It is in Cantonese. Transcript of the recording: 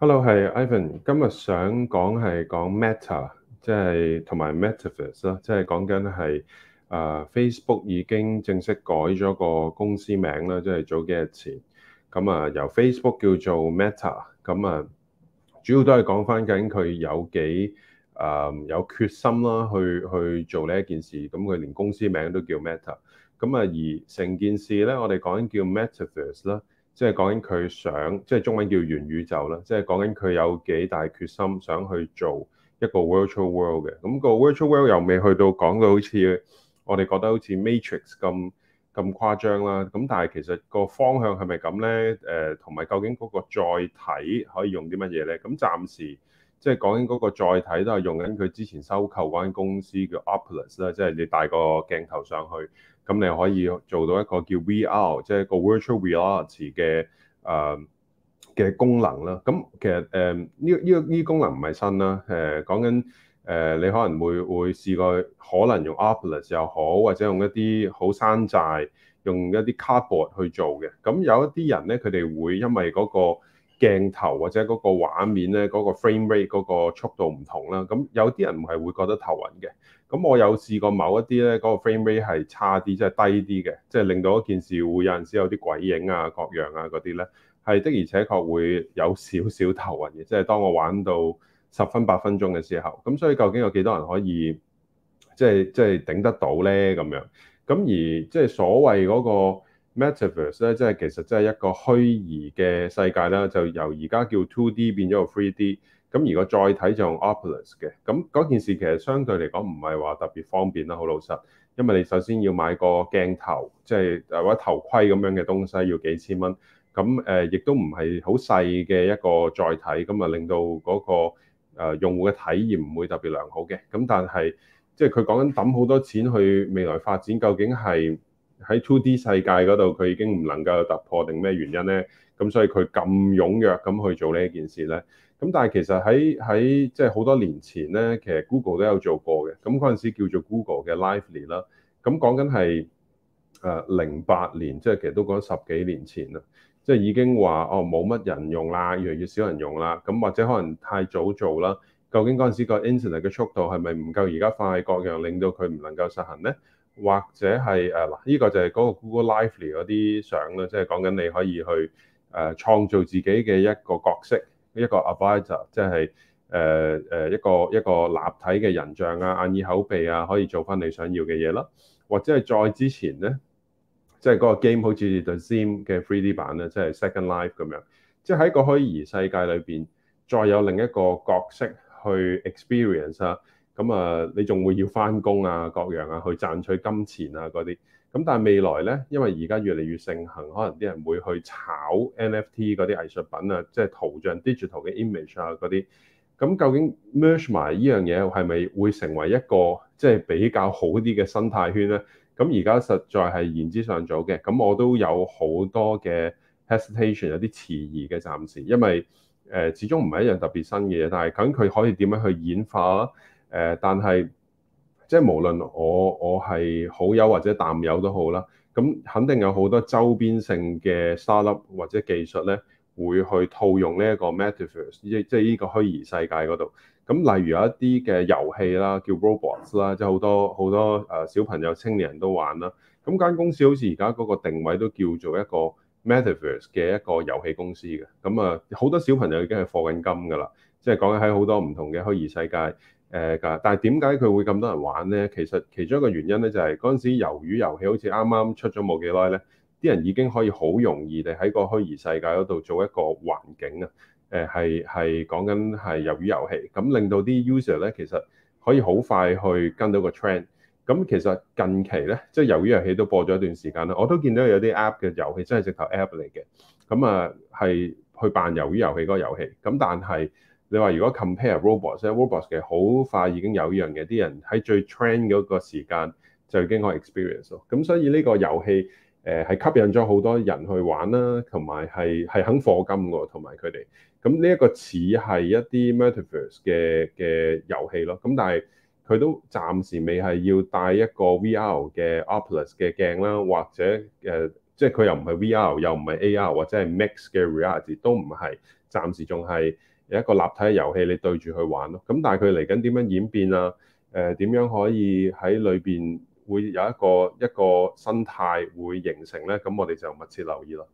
Hello，係 Ivan，今日想講係講 Meta，即係同埋 Metaverse 啦，即係講緊係啊 Facebook 已經正式改咗個公司名啦，即係早幾日前，咁啊由 Facebook 叫做 Meta，咁啊主要都係講翻緊佢有幾啊有決心啦，去去做呢一件事，咁佢連公司名都叫 Meta，咁啊而成件事咧，我哋講緊叫 Metaverse 啦。即係講緊佢想，即係中文叫元宇宙啦。即係講緊佢有幾大決心想去做一個 virtual world 嘅。咁個 virtual world 又未去到講到好似我哋覺得好似 Matrix 咁咁誇張啦。咁但係其實個方向係咪咁咧？誒、呃，同埋究竟嗰個載體可以用啲乜嘢咧？咁暫時。即係講緊嗰個載體都係用緊佢之前收購嗰間公司嘅 Oculus 啦，即係你帶個鏡頭上去，咁你可以做到一個叫 VR，即係個 Virtual Reality 嘅誒嘅功能啦。咁其實誒呢呢呢功能唔係新啦，誒講緊誒你可能會會試過可能用 Oculus 又好，或者用一啲好山寨用一啲 cardboard 去做嘅。咁有一啲人咧，佢哋會因為嗰個鏡頭或者嗰個畫面咧，嗰個 frame rate 嗰個速度唔同啦，咁有啲人唔係會覺得頭暈嘅。咁我有試過某一啲咧，嗰個 frame rate 係差啲，即係低啲嘅，即係令到一件事會有陣時有啲鬼影啊、各樣啊嗰啲咧，係的而且確會有少少頭暈嘅，即係當我玩到十分八分鐘嘅時候。咁所以究竟有幾多人可以即係即係頂得到咧？咁樣咁而即係所謂嗰個。Metaverse 咧，即係其實即係一個虛擬嘅世界啦，就由 D D，而家叫 2D 變咗個 3D。咁如果再睇，就用 Oculus 嘅，咁嗰件事其實相對嚟講唔係話特別方便啦，好老實。因為你首先要買個鏡頭，即係誒或者頭盔咁樣嘅東西，要幾千蚊。咁誒，亦都唔係好細嘅一個載體，咁啊令到嗰個誒用戶嘅體驗唔會特別良好嘅。咁但係即係佢講緊抌好多錢去未來發展，究竟係？喺 two D 世界嗰度，佢已經唔能夠突破定咩原因咧？咁所以佢咁踴躍咁去做呢一件事咧？咁但係其實喺喺即係好多年前咧，其實 Google 都有做過嘅。咁嗰陣時叫做 Google 嘅 Lively 啦。咁講緊係誒零八年，即係其實都講咗十幾年前啦，即係已經話哦冇乜人用啦，越嚟越少人用啦。咁或者可能太早做啦？究竟嗰陣時個 Internet 嘅速度係咪唔夠而家快各樣，令到佢唔能夠實行咧？或者係誒嗱，依、uh, 個就係嗰個 Google Lively 嗰啲相啦，即係講緊你可以去誒、uh, 創造自己嘅一個角色，一個 Avatar 即係誒誒一個一個立體嘅人像啊，眼耳口鼻啊，可以做翻你想要嘅嘢啦。或者係再之前咧，即係嗰個 game 好似 The Sims 嘅 3D 版咧，即係 Second Life 咁樣，即係喺個虛擬世界裏邊，再有另一個角色去 experience 啊。咁啊、嗯，你仲會要返工啊，各樣啊，去賺取金錢啊嗰啲。咁但係未來咧，因為而家越嚟越盛行，可能啲人會去炒 NFT 嗰啲藝術品啊，即係圖像 digital 嘅 image 啊嗰啲。咁、嗯、究竟 merge 埋呢樣嘢係咪會成為一個即係、就是、比較好啲嘅生態圈咧？咁而家實在係言之尚早嘅。咁、嗯、我都有好多嘅 hesitation 有啲遲疑嘅，暫時因為誒、呃、始終唔係一樣特別新嘅嘢，但係咁佢可以點樣去演化？誒，但係即係無論我我係好友或者淡友都好啦，咁肯定有好多周邊性嘅 startup 或者技術咧，會去套用呢一個 Metaverse 即係即係呢個虛擬世界嗰度。咁例如有一啲嘅遊戲啦，叫 Robots 啦，即係好多好多誒小朋友青年人都玩啦。咁間公司好似而家嗰個定位都叫做一個 Metaverse 嘅一個遊戲公司嘅。咁啊，好多小朋友已經係放緊金㗎喇，即係講緊喺好多唔同嘅虛擬世界。誒噶，但係點解佢會咁多人玩咧？其實其中一個原因咧，就係嗰陣時魷魚遊戲好似啱啱出咗冇幾耐咧，啲人已經可以好容易地喺個虛擬世界嗰度做一個環境啊。誒係係講緊係魷魚遊戲，咁令到啲 user 咧其實可以好快去跟到個 trend。咁其實近期咧，即係魷魚遊戲都播咗一段時間啦。我都見到有啲 app 嘅遊戲真係直頭 app 嚟嘅，咁啊係去扮魷魚遊戲嗰個遊戲。咁但係，你話如果 compare robot 咧，uh，robots 嘅好快已經有依樣嘅，啲人喺最 trend 嗰個時間就已經可以 experience 咯。咁所以呢個遊戲誒係，呃、吸引咗好多人去玩啦，同埋係係肯課金嘅，同埋佢哋。咁呢一個似係一啲 metaverse 嘅嘅遊戲咯。咁但係佢都暫時未係要戴一個 VR 嘅 Oculus 嘅鏡啦，或者誒，呃，即係佢又唔係 VR，又唔係 AR，或者係 mix 嘅 Reality 都唔係，暫時仲係。有一個立體嘅遊戲，你對住去玩，但係佢嚟緊點樣演變啊？誒、呃、點樣可以喺裏面會有一個一個生態會形成呢？咁我哋就密切留意啦。